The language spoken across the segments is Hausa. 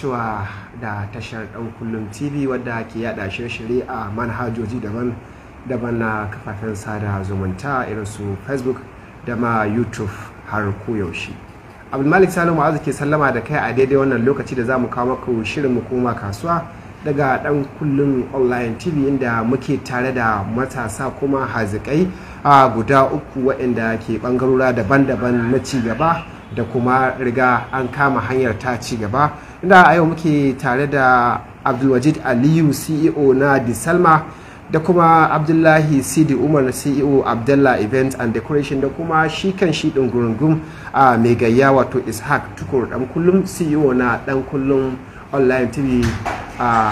cewa da tashar kullum tv wadda ke yada shirye-shirye a manhajoji daban-daban na kafafen sada zumunta irin su facebook da ma youtube har koyaushe abdulmalik salo ma'azu ke sallama da kai a daidai wannan lokaci da za mu kawo maku shirin mu koma kasuwa daga dan kullum online tv inda muke tare da matasa kuma hazikai a guda uku waɗanda ke bangarora daban-daban na cigaba da kuma riga an kama hanyar ta cigaba. gaba inda a yau muke tare da abdulwajid aliyu ceo na Salma da kuma abdullahi sidi umar ceo abdullah event and decoration da kuma shi kan shi ɗin gurungun a mai gayya wato ishaq tukur dan kullum ceo na dan kullum online tv a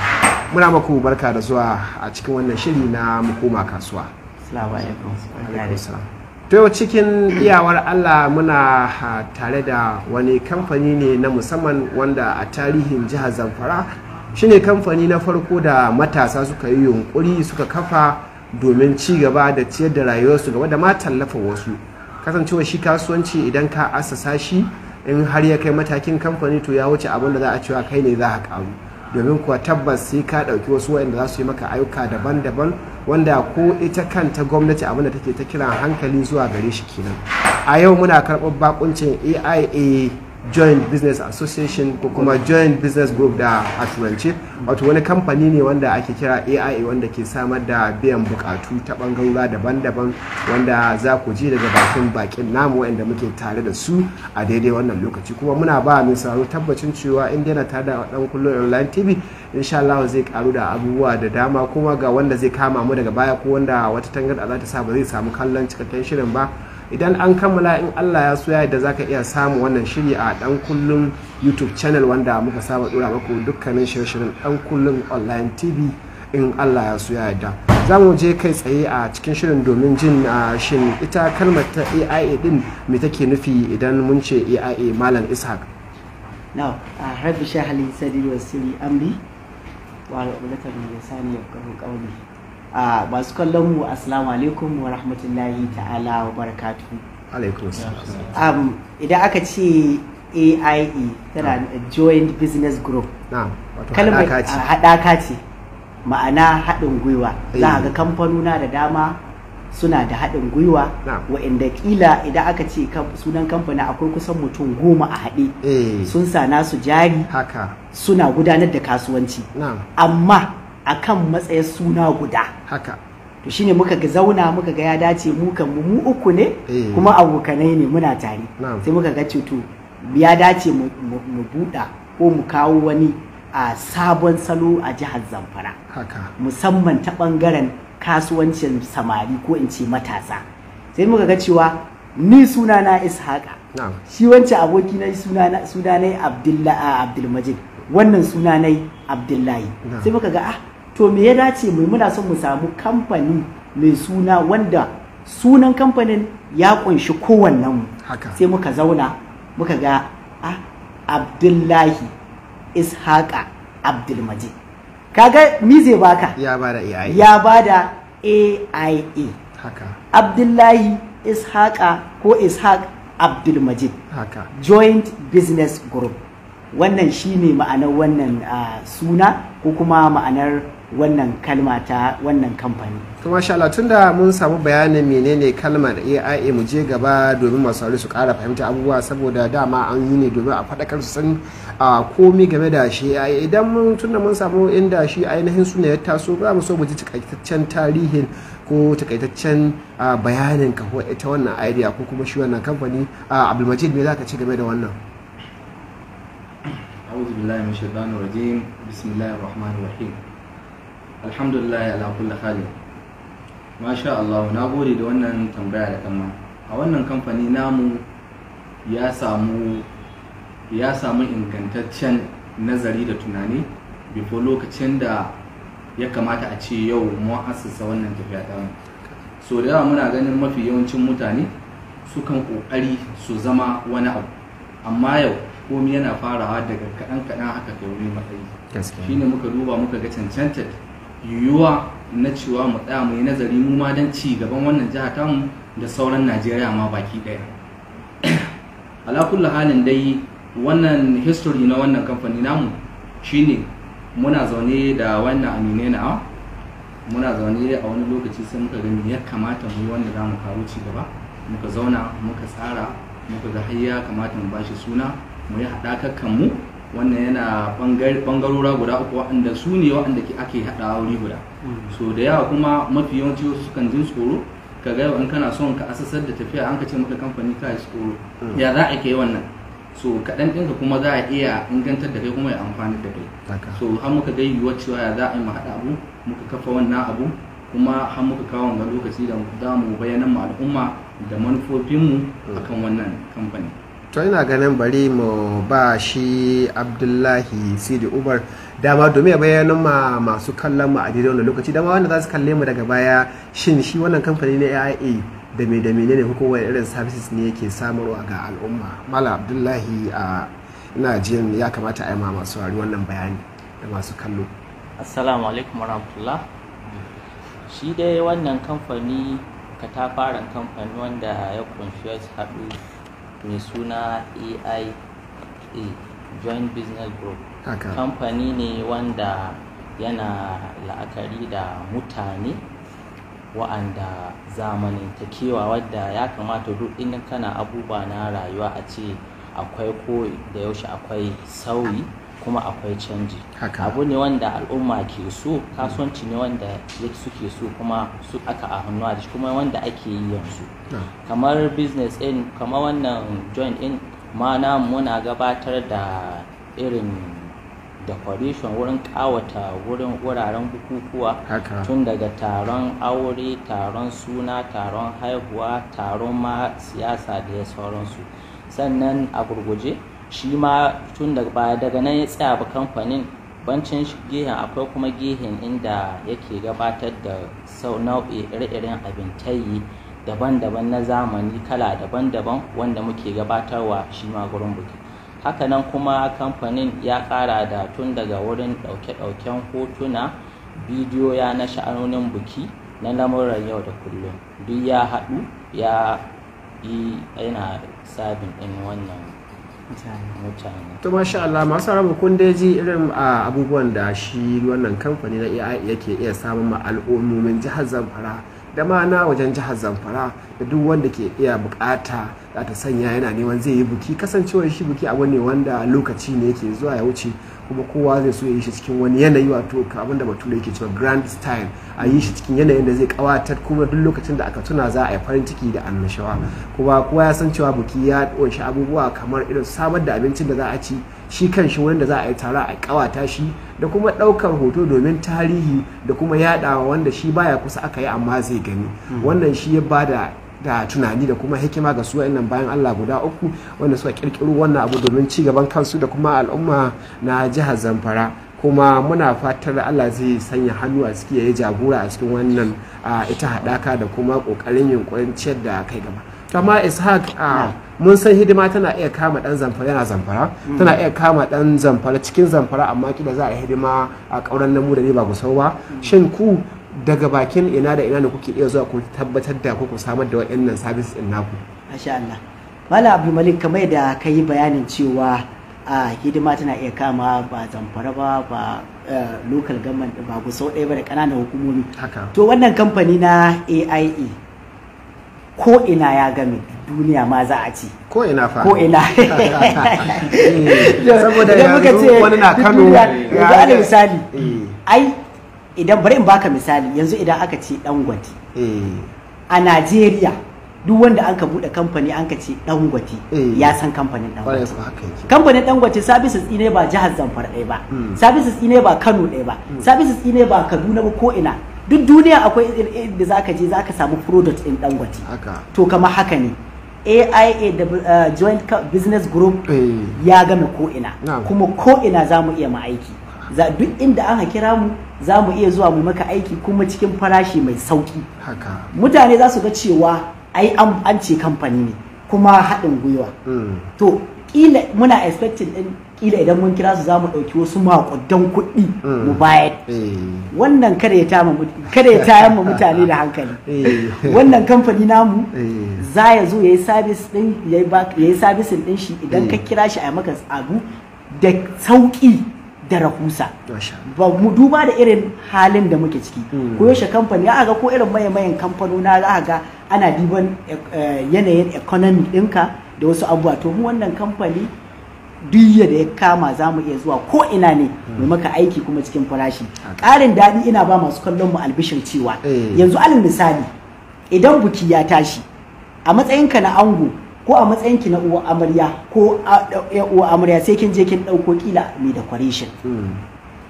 muna maku barka da zuwa a cikin wannan shiri na mukoma kasuwa to cikin iyawar allah muna tare da wani kamfani ne na musamman wanda a tarihin jihar zamfara shine kamfani na farko da matasa suka yi yunkuri suka kafa domin ci gaba da ciyar da rayuwarsu gaba da ma tallafa wasu kasancewa shi kasuwanci idan ka asasa shi in har ya kai matakin kamfani to ya wuce abin da za a cewa kai ne za a karu domin kuwa tabbas sai ka ɗauki wasu waɗanda za su yi maka ayyuka daban-daban wanda ko ita kanta gwamnati abin da take ta kiran hankali zuwa gare shi kenan a yau muna karɓar bakuncin aia joint business association ko kuma joint business group da a turance wato wani kamfani ne wanda ake kira aia wanda ke samar da biyan bukatu ta bangarora daban-daban wanda za ku ji daga bakin bakin namu wanda muke tare da su a daidai wannan lokaci kuma muna ba mai sauraro tabbacin cewa in yana tare da dan kullum online tv insha Allah zai karu da abubuwa da dama kuma ga wanda zai kama mu daga baya ko wanda wata tangarda za ta sa ba zai samu kallon cikakken shirin ba idan an kammala in Allah ya so yadda da zaka iya samu wannan shiri a dan kullum YouTube channel wanda muka saba dora muku dukkanin shirye-shiryen dan kullum online TV in Allah ya so yadda da za mu je kai tsaye a cikin shirin domin jin shin ita kalmar ta AIA din me take nufi idan mun ce AIA Malam Ishaq a masu kallon mu assalamu alaikum wa rahmatullahi ta'ala wa barakatuhu alaikum idan aka ce AIE tana joint business group kalmar haɗaka ce ma'ana haɗin gwiwa eh. za ga kamfanuna da dama suna da haɗin gwiwa wa'inda ƙila idan aka ce sunan kamfanin akwai kusan mutum goma a haɗe eh. sun sana su jari suna gudanar da kasuwanci amma a kan matsayin suna guda haka to shine muka ga zauna muka ga ya dace mu kan mu uku ne eh. kuma abokanai ne muna tare sai muka ga to ya dace mu buɗa ko mu kawo wani a sabon salo a jihar zamfara Haka. musamman ta ɓangaren kasuwancin samari ko in ce matasa sai muka ga cewa ni suna na ishaqa shi wancan aboki na suna na abdulmajid wannan suna na abdullahi sai muka ga ah to me ya dace mai muna son mu samu kamfani mai suna wanda sunan kamfanin ya kunshi kowannen mu sai muka zauna muka ga ah, abdullahi ishaqa abdulmajid kaga mi zai baka ya bada AIA ya bada AIA haka abdullahi ishaqa ko ishaq abdulmajid joint business group wannan shine ma'anar wannan uh, suna ko kuma ma'anar wannan kalma ta wannan kamfani. to masha Allah tunda mun samu bayanin menene kalmar AIA mu je gaba domin masu sauri su ƙara fahimta abubuwa saboda dama an yi ne domin a faɗakar su san komi game da shi AIA idan mun tunda mun samu inda shi ainihin ne ya taso ba mu so mu ji takaitaccen tarihin ko takaitaccen bayanin ka ita wannan idea ko kuma shi wannan kamfani abdulmajid me za ka ci game da wannan أعوذ بالله من الشيطان الرجيم بسم الله الرحمن الرحيم alhamdulillah ya kulli hali masha Allah na gode da wannan tambaya da kama a wannan kamfani namu ya samu ingantaccen nazari da tunani bifo lokacin da ya kamata a ce yau mu asasa wannan tafiya ta so da yawa muna ganin mafi yawancin mutane sukan kokari su zama wani abu amma yau komi yana farawa daga kaɗan kaɗan haka kai wani matsayi shine muka duba muka ga cancanta. yiwuwa na cewa mu tsaya mu nazari mu ma don ci gaban wannan jiha tamu da sauran najeriya ma baki daya. ala kullu halin dai wannan history na wannan kamfani namu shine muna zaune da wannan amine na muna zaune a wani lokaci sai muka gani ya kamata mu yi wanda za mu ci gaba muka zauna muka tsara muka ga har ya kamata mu bashi suna mu yi haɗakar kanmu wannan yana bangarora guda uku waɗanda su ne waɗanda ake haɗa wuri guda hmm. so da yawa kuma mafi yawanci su kan jin tsoro ka ga in kana son ka asasar da tafiya an ka ce kamfani ka yi tsoro hmm. ya za a yi wannan so kaɗan ɗinka kuma za a iya ingantar da kai kuma ya amfani da kai so har muka ga yiwuwar cewa ya za a yi mu haɗa abu muka kafa wannan abu kuma har muka kawo ga lokaci da za mu bayyana mu al'umma da manufofinmu hmm. akan wannan kamfani to ina ganin bari mu ba shi abdullahi sidi umar dama domin ya bayanin ma masu kallon mu a daidai wani lokaci dama wanda za su kalle mu daga baya shin shi wannan kamfani na AIA da me da menene ko irin services ne yake samarwa ga al'umma mala abdullahi a ina jin ya kamata a yi ma masu wari wannan bayani da masu kallo assalamu alaikum warahmatullah shi dai wannan kamfani katafaren kamfani wanda ya kunshi ya haɗu mai suna aia joint business group kamfani ne wanda yana la'akari da mutane wa'anda zamanantakewa wadda ya kamata duk inda kana abubuwa na rayuwa a ce akwai ko da yaushe akwai sauyi kuma akwai canji abu ne wanda al'umma ke so kasuwanci ne wanda suke so kuma su aka a hannu a kuma wanda ake yi yanzu kamar business in kamar wannan join in ma na muna gabatar da irin decoration wurin kawata wurin wuraren bukukuwa tun daga taron aure taron suna taron haihuwa taron ma siyasa da ya sauransu sannan a gurguje shi ma tun daga nan ya tsaya ba kamfanin bancin gehen akwai kuma gehen inda yake gabatar da sau nau'i ire-iren abintayi daban-daban na zamani kala daban-daban wanda muke gabatarwa shi ma gurin buki hakanan kuma kamfanin ya kara da tun daga wurin ɗauke-ɗauken hotuna bidiyo ya na sha'anonin buki na lamuran yau da kullum duk ya haɗu ya yi yana sabin ɗin wannan mutane to masha Allah masu rabu kun dai ji irin abubuwan da shi wannan kamfani na AI yake iya samun ma al'ummomin jihar Zamfara da ma na wajen jihar Zamfara da duk wanda ke iya bukata da ta sanya yana neman zai yi buki kasancewar shi buki abu ne wanda lokaci ne yake zuwa ya wuce kuma kowa zai so ya yi shi cikin wani yanayi wato abin da bature yake cewa grand style a yi shi cikin yanayin da zai kawatar kuma duk lokacin da aka tuna za a yi farin ciki da annashawa kuma kowa ya san cewa buki ya kunshi abubuwa kamar irin samar da abincin da za a ci shi kan shi wanda za a yi tara a kawata shi da kuma ɗaukar hoto domin tarihi da kuma yaɗawa wanda shi baya kusa aka yi amma zai gani hmm. wannan shi ya bada da tunani da kuma hikima ga su nan bayan Allah guda uku wanda suka kirkiro wannan abu domin ci gaban kansu da kuma al'umma na jihar Zamfara kuma muna fatar Allah zai sanya hannu a ciki yayi jagora a cikin wannan ita haɗaka da kuma kokarin yunkurin ciyar da kai gaba kama ishaq mun san hidima tana iya kama dan zamfara yana zamfara tana iya kama dan zamfara cikin zamfara amma kila za a hidima a kauran namu da ne ba gusau ba shin ku daga bakin ina da ina ne kuke iya zuwa ku tabbatar da ku samar da waɗannan sabis din naku masha Allah Abdul Malik kamar da ka yi bayanin cewa a hidima tana iya kama ba zamfara ba ba eh, local government ba ku sau ɗaya ba da ƙananan hukumomi to wannan kamfani na AIE ko ina ya game duniya ma za a ci ko ina fa ko ina saboda yanzu wani na Kano ya misali eh. ai idan bari in baka misali yanzu idan aka ce dangote eh. a Najeriya duk wanda an ka bude kamfani an ka ce dangote eh. ya san kamfanin dangote kamfanin dangote services ne ba jihar Zamfara ɗaya ba hmm. services ne ba Kano ɗaya ba hmm. services ne ba Kaduna ba ko ina duk duniya akwai da zaka je zaka samu product din dangote to kama haka ne AIA da eh, Joint Business Group ya gama ko ina kuma ko ina za mu iya ma'aiki za duk inda aka kira mu za mu iya zuwa mu maka aiki kuma cikin farashi mai sauki mutane za su ga cewa ai an ce kamfani ne kuma haɗin gwiwa mm. to kila muna expecting din kila idan mun kira su za mu ɗauki wasu makudan kuɗi mm. mu bayar eh. wannan kada ya tayan mu mutane da hankali eh. wannan kamfani namu eh. za ya zo ya yi sabis din sabisin din shi idan ka mm. kira shi a maka abu da sauƙi da rahusa ba mu duba da irin halin da muke ciki hmm. ko yaushe kamfani ya ga ko irin maye mayan kamfanona za ga ana diban eh, eh, yanayin economy ɗinka da wasu abubuwa to mu wannan kamfani duk da ya kama za mu iya zuwa ko ina ne hmm. mu maka aiki kuma cikin farashi ƙarin daɗi ina ba masu kallon mu albishir cewa eh. yanzu alal misali idan buki ya tashi a matsayinka na ango ko a matsayin ki na uwa amarya ko uwa amarya sai kin je kin dauko kila mai decoration mm.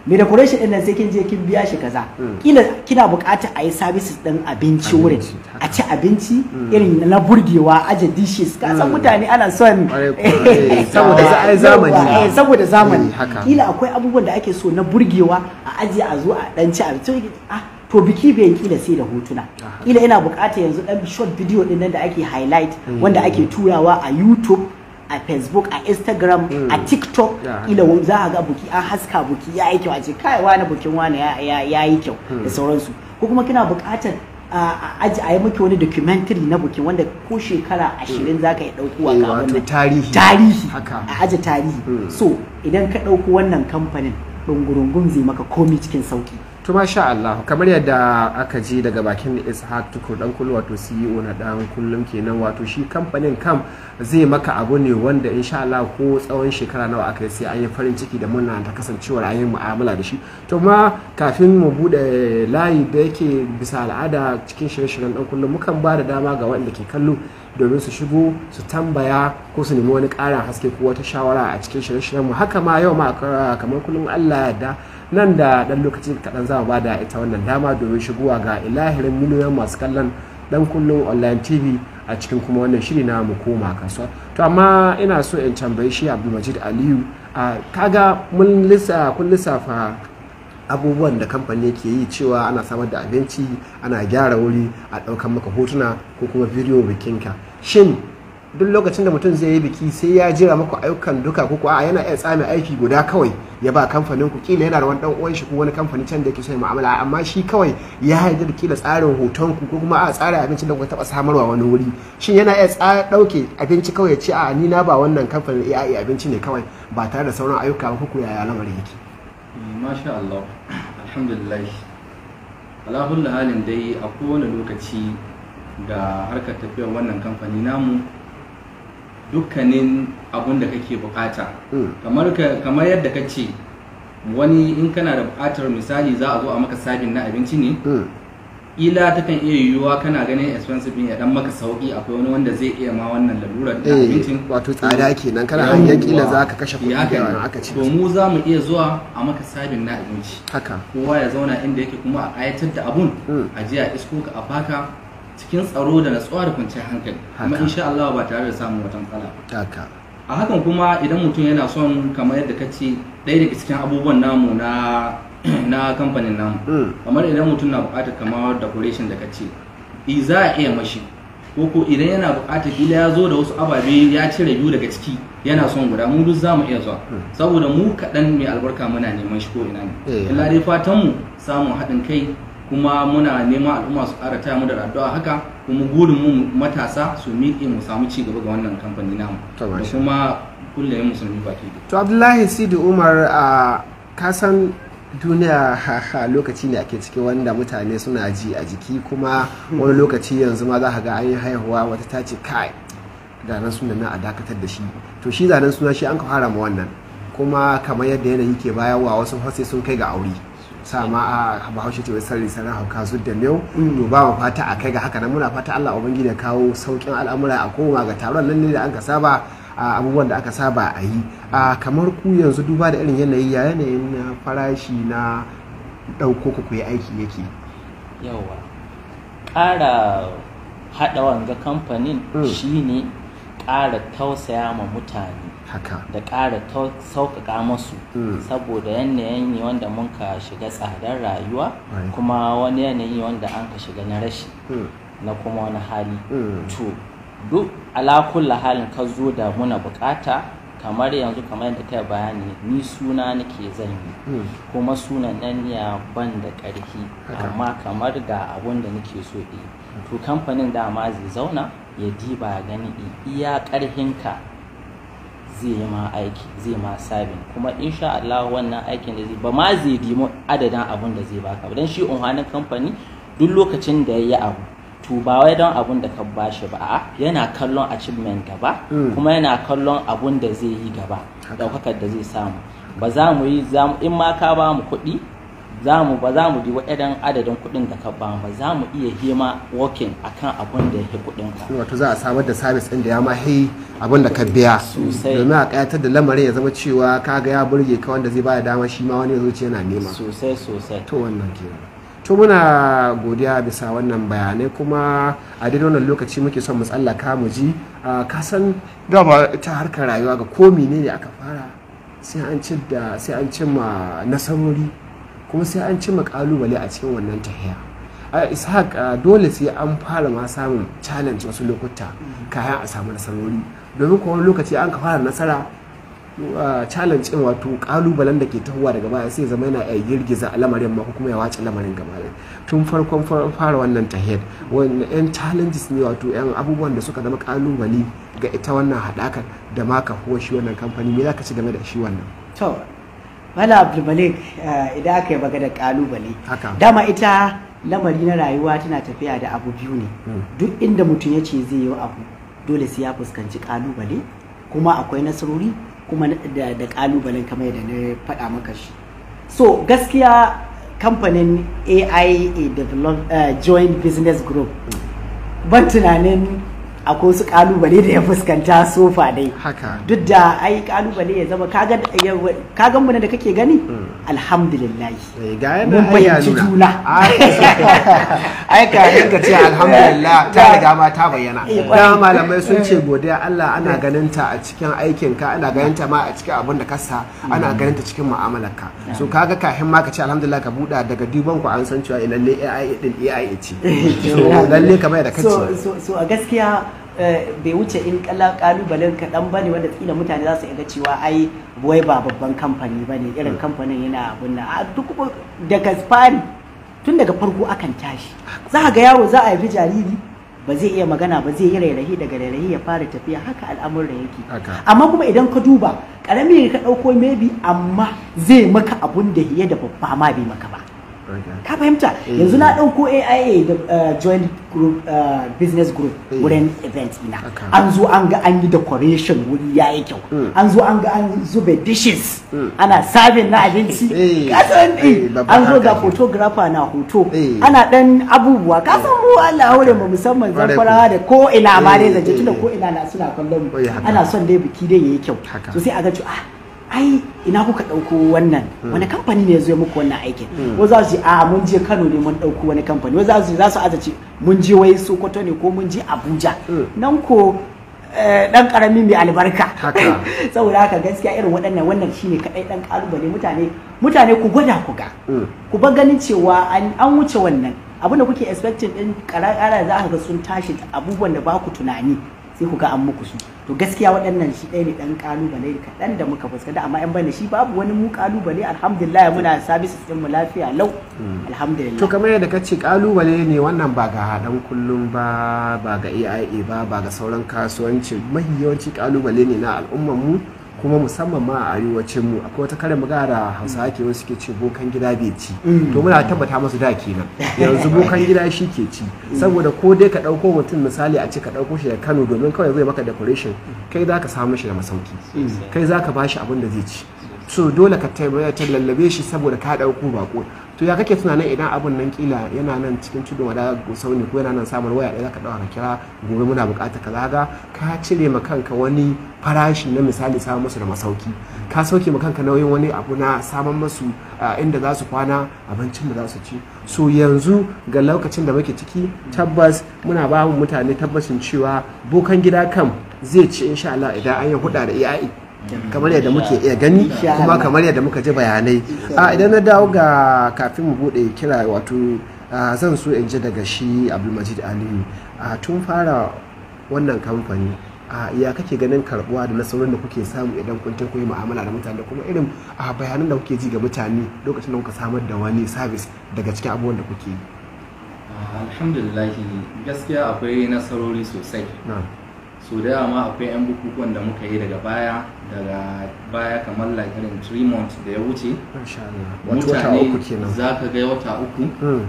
mai decoration din nan sai kin je kin biya shi kaza kila mm. kina bukata a yi services din abinci wurin a ci abinci mm. irin na burgewa aje dishes ka san mutane ana son eh, eh, saboda zamani saboda zamani kila akwai abubuwan da ake so na burgewa a aje a zo a dan ci abinci ah to biki bai kila sai da hotuna kila ina bukata yanzu dan short video din nan da ake highlight mm. wanda ake turawa a YouTube a facebook a instagram mm. a tiktok ila za a ga buki an haska buki ya yi kyau a ce kai wani bukin wani ya yi kyau mm. da sauransu ko kuma kina buƙatar a yi maki wani documentary na bukin wanda ko shekara ashirin za ka yi ɗaukowa eh, ga wannan tarihi tarihi a aji tarihi so idan ka ɗauko wannan kamfanin ɗungurungun zai maka komi cikin sauki to masha Allah kamar yadda aka ji daga bakin Ishaq Tukur dan kullu wato CEO na dan kullum kenan wato shi kamfanin kam zai maka abu ne wanda insha Allah ko tsawon shekara nawa aka yi sai an yi farin ciki da muna ta kasancewar an yi mu'amala da shi to ma kafin mu bude layi da yake bisa al'ada cikin shirye-shiryen dan kullum mukan ba da dama ga waɗanda ke kallo domin su shigo su tambaya ko su nemi wani ƙarin haske ko wata shawara a cikin shirye-shiryen mu haka ma yau ma kamar kullum Allah ya yarda nan da ɗan lokaci kaɗan za mu ba da ita wannan dama domin shigowa ga ilahirin miliyoyin masu kallon dan kullum online tv a cikin kuma wannan shiri na mu koma kasuwa to amma ina so in tambayi shi abdulmajid aliyu a kaga mun lissa kun lissafa abubuwan da kamfani ke yi cewa ana samar da abinci ana gyara wuri a ɗaukar maka hotuna ko kuma bidiyo bikinka shin duk lokacin da mutum zai yi biki sai ya jira maku ayyukan duka ko kuwa yana iya tsami aiki guda kawai ya ba kamfanin ku kila yana da wani dan uwan shi ko wani kamfani can da yake so ya mu'amala amma shi kawai ya haɗu da kila tsarin hoton ku ko kuma a tsara abincin da kuka taɓa samarwa wani wuri shin yana iya tsara ɗauke abinci kawai ya ce a ni na ba wannan kamfanin AI abinci ne kawai ba tare da sauran ayyuka ba ko yaya lamarin yake mm, masha Allah alhamdulillah ala halin dai a kowane lokaci da harkar tafiyar wannan kamfani namu dukkanin abun da kake bukata hmm. kamar yadda ka ce wani in kana da bukatar misali za a zo a maka sabin na abinci ne hmm. ila ta kan iya yiwuwa kana ganin expensive ya dan maka sauki akwai wani wanda zai iya ma wannan lalura da eh, abincin wato tsada kenan kana hanyar kila za ka kashe kuɗi da aka ci to mu za mu iya zuwa a maka sabin na abinci haka kowa ya zauna inda yake kuma a ayatar da abun hmm. a jiya a isko ka a baka cikin tsaro da natsuwa da kwanciyar hankali kuma sha Allah ba tare da samun wata matsala ba a hakan kuma idan mutum yana son kamar yadda ka ce ɗaya daga cikin abubuwan namu na na kamfanin namu hmm. kamar idan mutum na buƙatar kamar decoration da ka ce za a iya mashi ko idan yana buƙatar kila ya zo da wasu ababe ya cire biyu daga ciki yana son guda mu duk za mu iya zuwa hmm. saboda mu kaɗan mai albarka muna neman shi ko ina ne eh. Ina dai fatanmu mu samun haɗin kai kuma muna neman al'umma su ƙara taya mu da addu'a haka kuma burin mu matasa su miƙe mu samu ci gaba ga wannan kamfani namu da kuma sun musulmi baki to abdullahi sidi umar a kasan duniya lokaci ne ake ciki wanda mutane suna ji a jiki kuma wani lokaci yanzu ma za ga an yi haihuwa wata ta ce kai zanen suna na a dakatar da shi to shi zanen suna shi an ka fara ma wannan kuma kamar yadda yanayi ke bayarwa wasu hasi sun kai ga aure sama a bahaushe ce sarri sanar hauka su da miyau mm. to ba mu fata a kai ga haka nan muna fata Allah ubangiji ya kawo saukin al'amura a koma ga taron nan ne da an ka saba abubuwan da aka saba a yi a kamar ku yanzu duba da irin yanayi ya yanayin farashi na ɗauko ku kuyi aiki yake yawa ƙara haɗa wanga kamfanin mm. shine ƙara tausaya ma mutane da ƙara sauƙaƙa masu mm. saboda yanayin ne wanda mun ka shiga tsadar rayuwa kuma wani yanayi wanda an ka shiga na rashi mm. na kuma wani hali mm. to duk alakulla halin ka zo da muna buƙata. kamar yanzu kamar yadda ta bayani ni suna nake zan yi kuma sunan nan ya ban da ƙarfi amma kamar ga abun da nake so yi to kamfanin dama zai zauna ya diba gani iya ƙarfinka zai yi ma aiki zai ma sabin kuma sha Allah wannan aikin da zai ba ma zai dimo adadin abun da zai baka dan shi unhanin kamfani duk lokacin da ya yi abu to ba wai don abun da ka bashi ba a yana kallon achievement gaba hmm. kuma yana kallon abun da zai yi gaba daukakar da zai samu ba za mu yi in ma ka ba mu kuɗi za mu ba za mu diwa irin adadin kuɗin da ka ba ba za mu iya hima working akan abin da ya kuɗin ka wato za a samar da sabis ɗin da ya ma abin da ka biya domin a kayatar da lamarin ya zama cewa ka ga ya burge ka wanda zai bada dama shi ma wani ya zo yana nema sosai sosai to wannan ke to muna godiya bisa wannan bayanai kuma a daidai wannan lokaci muke son mu tsallaka mu ji ka san dama ta harkar rayuwa ga ko menene aka fara sai an cimma nasarori kuma sai an cimma kalubale a cikin wannan tahiya a ishaq dole sai an fara ma samun challenge wasu lokuta kayan a samu nasarori domin kuma lokaci an ka fara nasara challenge in wato kalubalen da ke tahowa daga baya sai zama yana iya girgiza lamarin ma kuma ya wace lamarin gaba tun farkon fara wannan tahiyar wanda yan challenges ne wato yan abubuwan da suka zama kalubale ga ita wannan haɗakar da ma kafuwar shi wannan kamfani me za ka ci game da shi wannan abdul malik eh, idan aka yi magana kalubale. Dama ita lamari na rayuwa tana tafiya da abu biyu ne. Hmm. Duk inda mutum ya ce zai yi abu dole sai ya fuskanci kalubale kuma akwai nasarori kuma da kalubalen kamar yadda na faɗa maka shi. So gaskiya kamfanin AIA eh, Joint Business Group ban tunanin akwai su kalubale da ya fuskanta sofa dai duk da ai kalubale ya zama kagan mu da kake gani hmm. alhamdulillah eh, mun bayyanci juna ai ka ka ce alhamdulillah ta riga ma ta bayyana eh, da malamai sun ce eh. godiya Allah ana ganin ta a cikin aikin ka ana ganin ta ma a cikin abin da ka sa hmm. ana ganin ta cikin mu'amalar ka so kaga kafin ma ka ce alhamdulillah ka buɗa daga duban ku an san cewa lalle AI din AI ce so lalle kamar da kace so a gaskiya Eh, bai wuce in kalubalen kaɗan ba ne wanda tsina mutane za su ga cewa ai wai ba babban kamfani ba ne irin hmm. kamfanin yana abin nan a duk daga fari tun daga farko akan tashi za ga yaro za a haifi jariri ba zai iya magana ba zai yi rairayi daga rairayi ya fara tafiya haka al'amuran yake amma kuma idan ka duba karami ka ɗauko maybe amma zai maka abun da ya da babba ma bai maka ba ka fahimta yanzu na ɗauko aia da uh, joint group uh, business group hmm. wurin event ina an zo an ga an yi decoration wuri ya yi kyau hmm. an zo an ga an zube dishes hmm. ana sabin na abinci kasan an zo ga photographer na hoto ana ɗan abubuwa kasan mu Allah haure mu musamman farawa da ko ina ma dai zance tunda ko ina na suna kallon ana son dai biki dai yi kyau so sai a ga ah ai ina kuka ɗauko wannan hmm. wani kamfani ne zai muku wannan aikin ko hmm. za su a mun je kano ne mun ɗauko wani kamfani ko za su za su aza mun je wai sokoto ne ko mun je abuja hmm. nan ko dan eh, karamin mai albarka saboda haka gaskiya irin waɗannan wannan shine kaɗai dan kalubale mutane mutane ku gwada ku ga ku ba ganin cewa an wuce wannan abinda kuke expecting din karara za ka ga sun tashi abubuwan da ba ku tunani sai ku ga an muku su to gaskiya waɗannan shi ɗaya ne ɗan ƙalubale kaɗan da muka fuskanta amma yan bane shi babu wani mu ƙalubale alhamdulillah muna sabisa ɗin mu lafiya lau hmm. alhamdulillah to kamar yadda kace ƙalubale ne wannan ba ga haɗan kullum ba ba ga AIA ba ba ga sauran kasuwanci mahi yawanci ƙalubale ne na al'ummar mu kuma musamman ma a arewacin mu akwai wata karin magana da hausa ake wasu ke ce bokan gida bai ci mm. to muna tabbata masu da kenan yanzu bokan gida shi ke ci saboda ko dai ka ɗauko mutum misali a ce ka ɗauko shi da kano domin kawai zai maka decoration kai za ka samu shi da masauki mm. kai za ka ba shi abin da zai ci so dole ka taimaka lallabe shi saboda ka dauko bako to ya kake nan idan abun nan kila yana nan cikin tudun wada gusau ne ko yana nan samun waya da zaka dauka kira gobe muna bukata kaza ga ka cire ma kanka wani farashi na misali samun musu da masauki ka sauke ma kanka nauyin wani abu na samun musu inda za su kwana abincin da za su ci so yanzu ga lokacin da muke ciki tabbas muna ba mutane tabbacin cewa bokan gida kam zai ci insha Allah idan an yi huda da iyayi kamar yadda muke iya gani kuma kamar yadda muka ji bayanai a ah, idan na dawo ga kafin mu bude kira wato ah, zan so in ji daga shi abdulmajid aliyu a ah, tun fara wannan kamfani a ya kake ganin karbuwa da nasarorin da kuke samu idan kun ta yi mu'amala da mutane kuma irin a bayanan da kuke ji ga mutane lokacin da kuka samar da wani sabis daga cikin abubuwan da kuke yi alhamdulillah gaskiya akwai nasarori sosai so da ma akwai 'yan bukukuwan da muka yi daga baya daga baya kamar like irin 3 months da ya wuce mutane za ka ga wata uku hmm.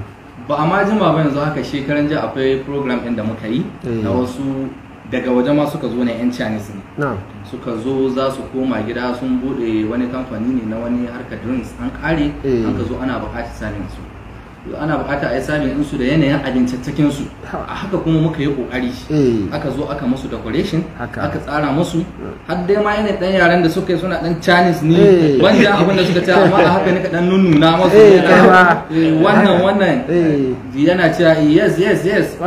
ba a ma jima ba yanzu haka shekaran jiya akwai program ɗin da muka yi eh. na wasu daga waje ma suka zo na 'yan chinese ne suka zo za su koma gida sun bude wani kamfani ne na wani harkar drinks an kare eh. an ka zo ana bukatar salinsu. ana bukata a yi sami insu da yanayin abincaccakin su a haka kuma muka yi kokari eh. aka zo aka musu decoration aka tsara musu har dai ma yanayin dan yaran da suka yi suna dan chinese ne wanda eh. abin da suka ci amma a haka ne ka dan nunnuna musu eh, wannan wannan yana cewa yes yes yes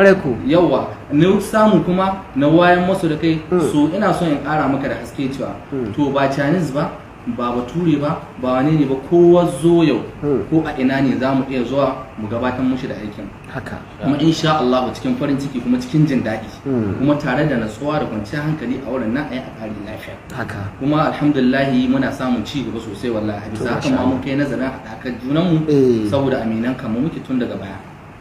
yawa na samu kuma na wayan musu da kai hmm. so ina son in kara maka da haske cewa hmm. to ba chinese ba ba bature ba ba wane ne ba kowa zo yau hmm. ko a ina ne za mu iya zuwa mu gabatar mushi da aikin haka kuma insha Allah cikin farin ciki kuma cikin jin daɗi hmm. kuma tare da natsuwa da kwanciyar hankali a wurin nan a yi a lafiya haka kuma alhamdulillahi muna samun ci gaba sosai wallahi bisa haka ma mun kai nazarin haɗakar junanmu eh. saboda aminan kamar muke tun daga baya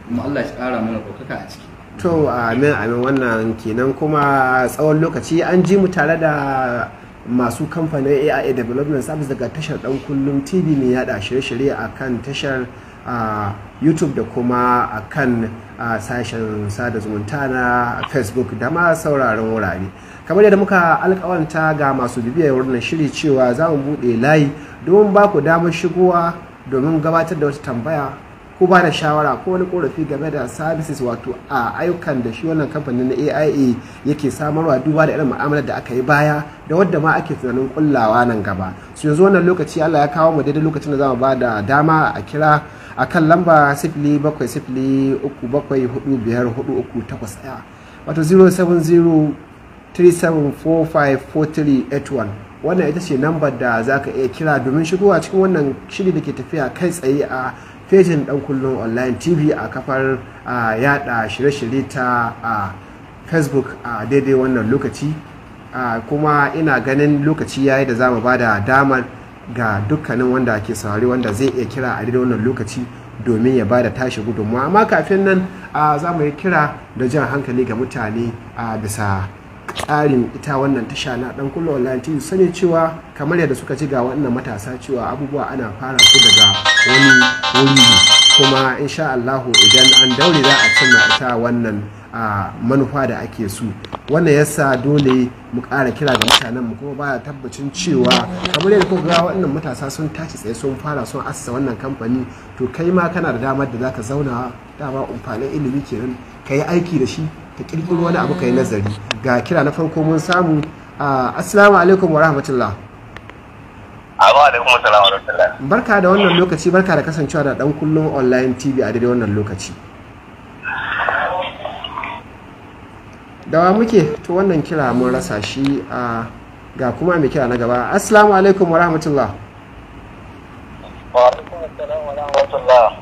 kuma Allah ya ƙara mana ɗaukaka a ciki to amin amin wannan kenan kuma tsawon lokaci an ji mu tare da masu kamfanin AI development service daga tashar dan kullum tv mai yada shirye-shirye a kan tashar a youtube da kuma a kan sashen sada zumunta na facebook da ma sauraron wurare kamar yadda muka alkawanta ga masu bibiyar wannan shiri cewa za mu buɗe layi domin ba ku damar shigowa domin gabatar da wata tambaya ko ba da shawara ko wani korafi game da services wato a ayyukan da shi wannan kamfanin na AIA yake samarwa duba da irin mu'amalar da aka yi baya da wadda ma ake tunanin kullawa nan gaba su yanzu wannan lokaci Allah ya kawo mu daidai lokacin da zamu ba da dama a kira a kan lamba 0703745431 wato 0703745431 wannan ita ce lambar da za ka iya kira domin shigowa cikin wannan shiri da ke tafiya kai tsaye a fejin dan kullum online tv a kafar yada shirye-shirye ta facebook a daidai wannan lokaci kuma ina ganin lokaci yayi da za mu ba da damar ga dukkanin wanda ke saurari wanda zai iya kira a daidai wannan lokaci domin ya ba da tashi gudunmu. amma kafin nan za mu yi kira da jan hankali ga mutane a bisa tsarin ita wannan tasha na dan kula online tv sani cewa kamar yadda suka ci ga wannan matasa cewa abubuwa ana fara su daga wani wuri kuma insha Allah idan an daure za a cimma ita wannan a manufa da ake su wannan yasa dole mu ƙara kira ga mutanen mu kuma baya tabbacin cewa kamar yadda kuka ga wannan matasa sun tashi tsaye sun fara sun assa wannan kamfani to kai ma kana da damar da zaka zauna dama umfanin ilimi kenan ka aiki da shi ka kirkiro wani abu ka yi nazari ga kira na farko mun samu assalamu alaikum wa rahmatullah barka da wannan lokaci barka da kasancewa da dan kullum online tv a daidai wannan lokaci dawa muke to wannan kira mun rasa shi a ga kuma mai kira na gaba assalamu alaikum wa rahmatullah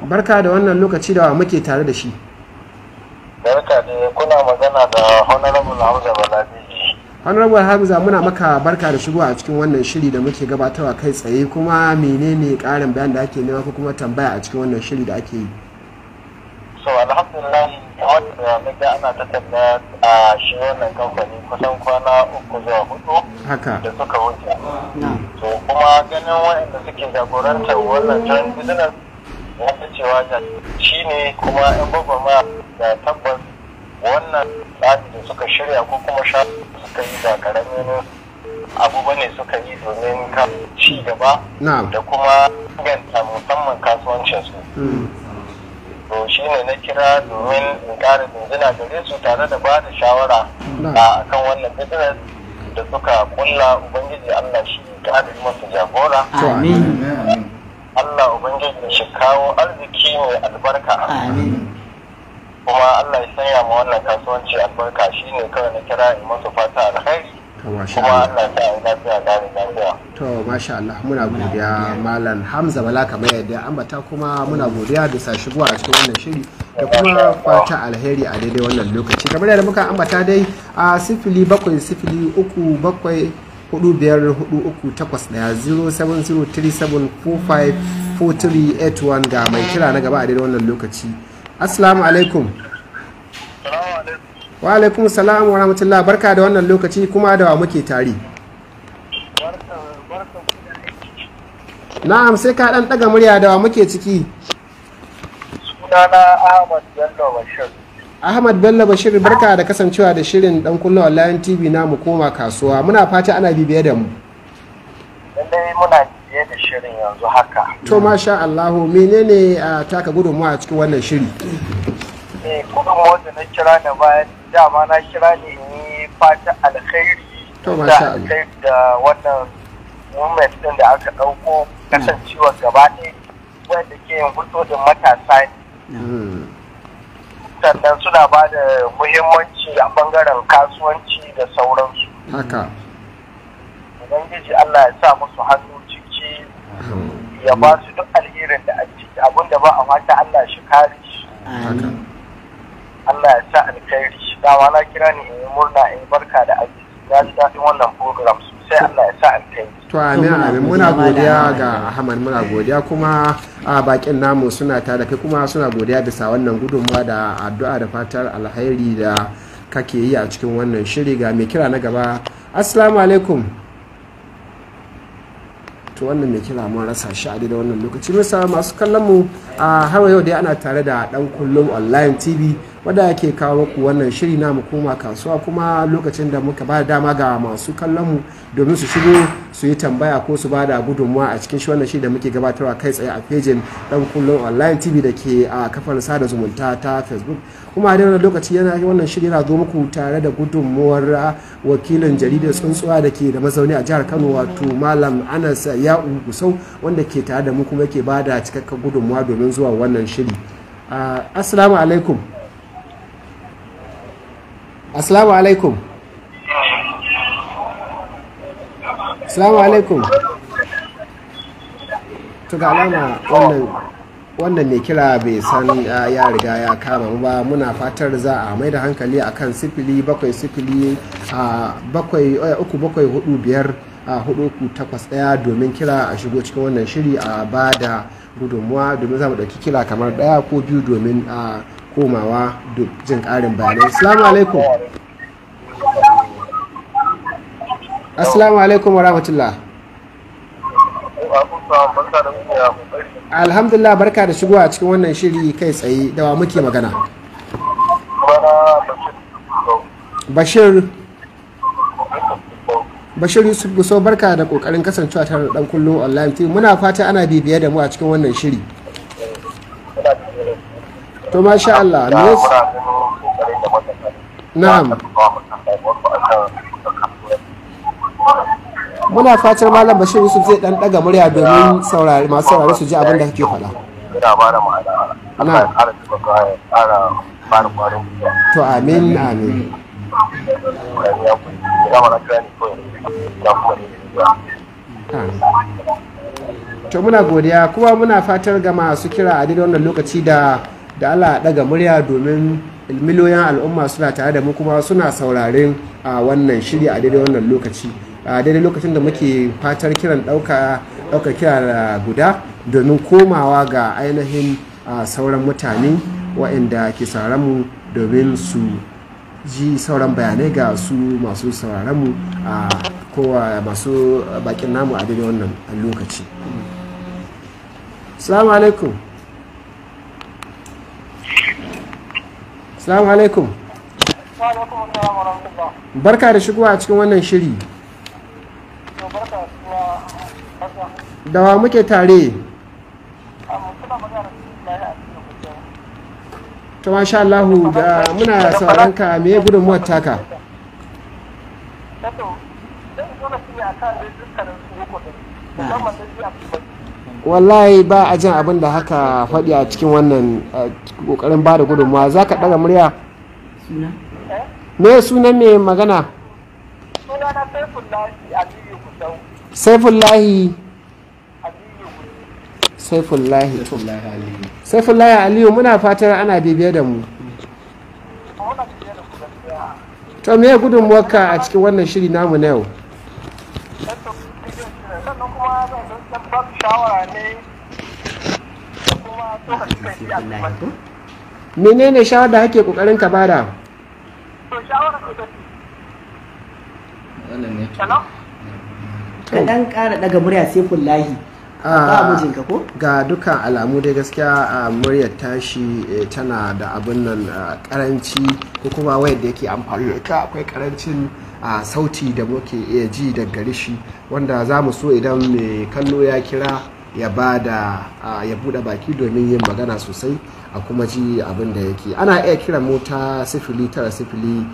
barka da wannan lokaci dawa muke tare da shi barka da kuna magana da honorable hamza balabeji honorable hamza muna maka barka da shigo a cikin wannan shiri da muke gabatarwa kai tsaye kuma menene karin bayan da ake nema ko kuma tambaya a cikin wannan shiri da ake yi so alhamdulillah wanda na ga ana ta tambaya a shi wannan kamfani kusan kwana uku zuwa hudu da suka wuce to kuma ganin wa'inda suke jagorantar wannan joint business wata cewa da shi ne kuma yan babba ma da tabbas wannan tsari da suka shirya ko kuma sha suka yi da karamin abu bane suka yi domin ka ci gaba da kuma inganta musamman su. Hmm. to shi ne na kira domin in ƙara dindina gare su tare da ba da shawara a kan wannan business da suka kulla ubangiji allah shi ta masu jagora Allah Ubangiji shi kawo arziki mai albarka. Kuma Allah ya sanya mu wannan kasuwanci albarka shi ne kawai na kira in masu fata alkhairi. Kuma Allah ya lafiya lafiya. To masha Allah muna godiya Malam Hamza Bala kamar yadda ambata kuma muna godiya da bisa shigowa a cikin wannan shiri da kuma fata alheri a daidai wannan lokaci. Kamar yadda muka ambata dai a sifili bakwai sifili uku bakwai hudu biyar hudu uku takwas daya 0703745481 ga mai kira na gaba a daidai wannan lokaci assalamu alaikum wa alaikum salam wa rahmatullah barka da wannan lokaci kuma da wa muke tari na'am sai ka dan daga murya da wa muke ciki sunana ahmad yallo bashir Ahmad Bello Bashir barka da kasancewa da shirin dan kullun online TV na mu koma kasuwa muna fata ana bibiye da mu. Lallai muna bibiye da shirin yanzu haka. To masha allahu menene a taka gudunmuwa a cikin wannan shiri? Eh gudunmuwa da na kira da bayan dama na kira ne ni fata alkhairi. To masha Allah. Da wannan movement din da aka dauko mm. kasancewa gaba ɗaya wanda ke yin fito da matasa ne. Mm. sannan suna ba da muhimmanci a bangaren kasuwanci da sauransu haka ubangiji allah ya sa musu hannu ciki ya ba su duk alherin da ciki abinda ba a mata allah shi kare shi allah ya sa alkhairi shi Dawa na kira ni in yi murna in barka da aiki na ji daɗin wannan program sai Allah to amin amin muna godiya ga ahmad muna godiya kuma a bakin namu suna tare kai kuma suna godiya bisa wannan gudunmuwa da addu'a da fatar alheri da kake yi a cikin wannan shiri ga mai kira na gaba assalamu alaikum to wannan mai kira mun rasa shi a da wannan lokaci musa masu kallon mu a har yau dai ana tare da dan kullum online tv wadda yake kawo ku wannan shiri na mu koma kasuwa kuma lokacin da muka ba dama ga masu kallon mu domin su shigo su yi tambaya ko su bada gudunmuwa a cikin shi wannan shiri da muke gabatarwa kai tsaye a fejin dan kullum online tv da ke a kafar sada zumunta ta facebook kuma a wannan lokaci yana wannan shiri yana zo muku tare da gudunmuwar ah, wakilin jaridar tsuntsuwa da ke da mazauni a jihar kano wato malam anas ya'u gusau wanda ke tare da mu kuma ke bada cikakken gudunmuwa domin zuwa wannan shiri ah, assalamu alaikum asalamu alaikum asalamu alaikum to ga alama wannan wannan mai kira bai san ah, ya riga ya kama ba muna fatar za a mai da hankali akan sifili bakwai sifili ah, bakwai eh, uku bakwai hudu biyar a ah, hudu uku takwas daya domin kira a shigo cikin wannan shiri a ba da gudunmuwa domin za mu ɗauki kira kamar daya ko biyu domin a komawa duk jin karin bayanai assalamu alaikum assalamu alaikum wa rahmatullah alhamdulillah barka da shigowa cikin wannan shiri kai tsaye da wa muke magana bashir bashir yusuf guso barka da kokarin kasancewa tare da dan kullum online tv muna fata ana bibiye da mu a cikin wannan shiri to masha Allah me yasa na'am muna fatar malam bashir yusuf zai dan daga murya domin saurari masu saurari su ji abin da kake faɗa to amin amin to muna godiya kuma muna fatar ga masu kira a daidai wannan lokaci da da Allah daga murya domin miliyoyin al'umma suna tare da mu kuma suna sauraren a wannan shiri a daidai wannan lokaci a daidai lokacin da muke fatar kiran ɗauka ɗaukar kira guda domin komawa ga ainihin sauran mutane waɗanda ke mu domin su ji sauran bayanai ga su masu mu a kowa masu bakin namu a daidai wannan lokaci. alaikum. salamu alaikum barka da shigowa a cikin wannan shiri dawa muke tare ta masha Allahu da muna sauran ka me gudunmuwar taka musamman da wallahi ba a jin abin da haka faɗi a cikin wannan ƙoƙarin ba da gudunmawa za ka ɗaga murya me sunan mai magana saifullahi saifullahi saifullahi aliyu muna fatar ana bibiye da mu to me ka a cikin wannan shiri namu na yau Mene ne da menene shawar da kake kokarin ka bada to shawara ko ka dan kara daga murya sai kullahi ba ah, mijinka ko ga dukkan alamu dai gaskiya ah, muryar tashi eh, tana da abin nan ah, karanci ko kuma wayar da yake amfani ita akwai karancin a sauti da muke iya ji da rishi wanda za mu so idan mai kallo ya kira ya ba da ya buɗe baki domin yin magana sosai a kuma ji abin da yake ana iya kira mota sifili tara sifili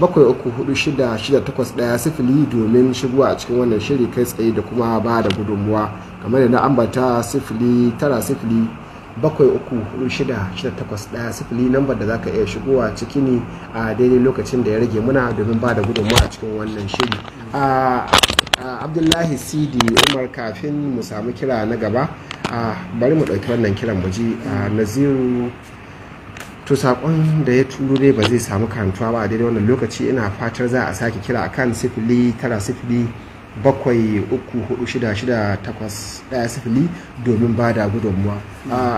bakwai uku hudu shida shida takwas daya sifili domin shigowa a cikin wannan shiri kai tsaye da kuma ba da gudunmuwa kamar da na ambata sifili tara sifili bakwai uku shida shida takwas ɗaya sifili lambar da zaka iya shigowa ciki ne a daidai lokacin da ya rage muna domin ba da gudunmu a cikin wannan shiri abdullahi sidi umar kafin mu samu kira na gaba bari mu ɗauki wannan kiran mu ji naziru to sakon da ya turo dai ba zai samu kantuwa ba a daidai wannan lokaci ina fatar za a sake kira akan sifili tara sifili bakwai uku hudu shida shida takwas daya sifili domin ba da gudunmuwa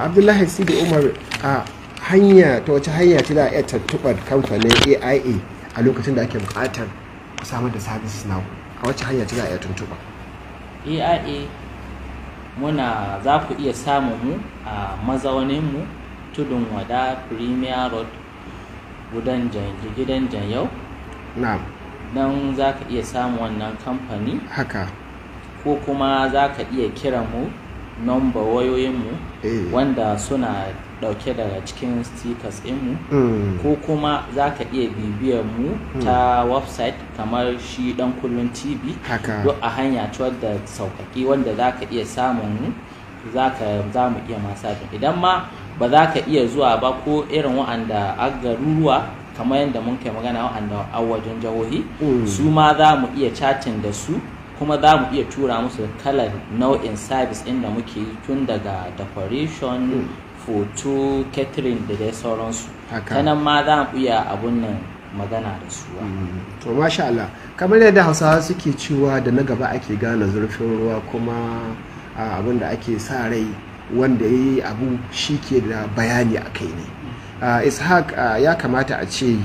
abdullahi sidi umar a hanya ta wace hanya ce za a iya tattubar kamfanin aia a lokacin da ake bukatar samar da services na a wace hanya ce za a iya tuntuba aia muna za ku iya samun mu a mazauninmu tudun wada premier road gudan jan yau na'am don za ka iya samun wannan kamfani haka ko kuma za ka iya kira mu nomba wayoyinmu mu eh. wanda suna dauke daga cikin stickers ɗinmu mu, mm. ko kuma za ka iya bibiyar mu mm. ta website kamar shi dan kullun tv duk a hanya ta wadda saukaki wanda za ka iya samun mu za mu iya masajin idan ma ba za ka iya zuwa ba ko irin wa'anda a kamar yadda mun kai magana wa'anda wajen jahohi mm. su ma za mu iya chatin da su kuma za mu iya tura musu kalar nau'in service inda muke yi tun daga decoration mm. photo catering da dai sauransu ta nan ma za mu iya abun nan magana da su mm. to masha Allah kamar yadda hausawa suke cewa da na gaba ake gane zurfin ruwa kuma abun da ake sa rai wanda ya yi abu shi ke da bayani a kai ne ishaq ya kamata a ce